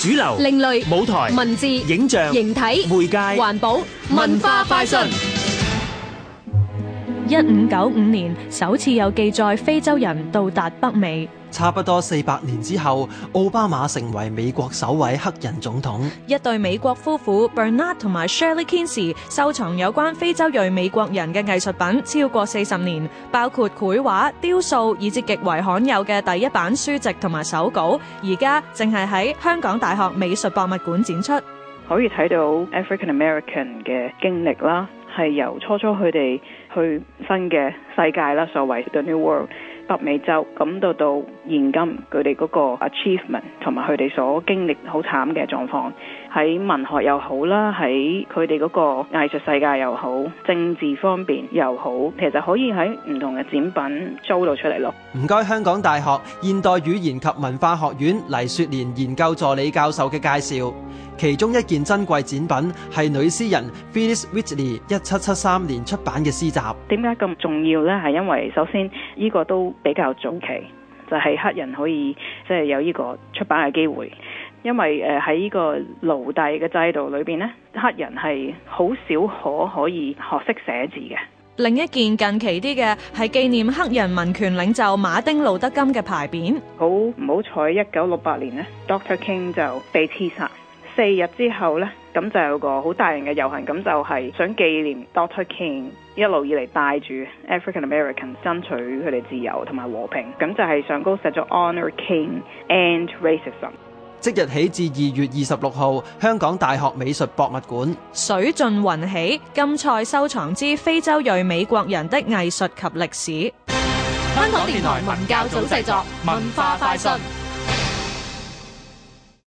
主流、另類、舞台、文字、影像、形體、媒介、環保、文化快訊。一五九五年首次有記載非洲人到達北美，差不多四百年之後，奧巴馬成為美國首位黑人總統。一對美國夫婦 Bernard 同埋 Shirley Kinsey 收藏有關非洲裔美國人嘅藝術品超過四十年，包括繪畫、雕塑，以至極為罕有嘅第一版書籍同埋手稿，而家正係喺香港大學美術博物館展出，可以睇到 African American 嘅經歷啦。係由初初佢哋去新嘅世界啦，所謂 the new world。北美洲，咁到到現今佢哋嗰個 achievement 同埋佢哋所經歷好慘嘅狀況，喺文學又好啦，喺佢哋嗰個藝術世界又好，政治方面又好，其實可以喺唔同嘅展品租到出嚟咯。唔該，香港大學現代語言及文化學院黎雪蓮研究助理教授嘅介紹，其中一件珍貴展品係女詩人 Phillis Wheatley 一七七三年出版嘅詩集。點解咁重要咧？係因為首先呢個都比較早期就係、是、黑人可以即係、就是、有呢個出版嘅機會，因為誒喺呢個奴隸嘅制度裏面，黑人係好少可可以學識寫字嘅。另一件近期啲嘅係紀念黑人民權領袖馬丁路德金嘅牌匾，好唔好彩，一九六八年呢 Doctor King 就被刺殺。四日之後呢，咁就有個好大型嘅遊行，咁就係想紀念 Doctor King 一路以嚟帶住 African Americans 爭取佢哋自由同埋和平，咁就係上高寫咗 Honor King and Racism。即日起至二月二十六號，香港大學美術博物館水盡雲起，金賽收藏之非洲裔美國人的藝術及歷史。香港電台文教組製作文化快訊。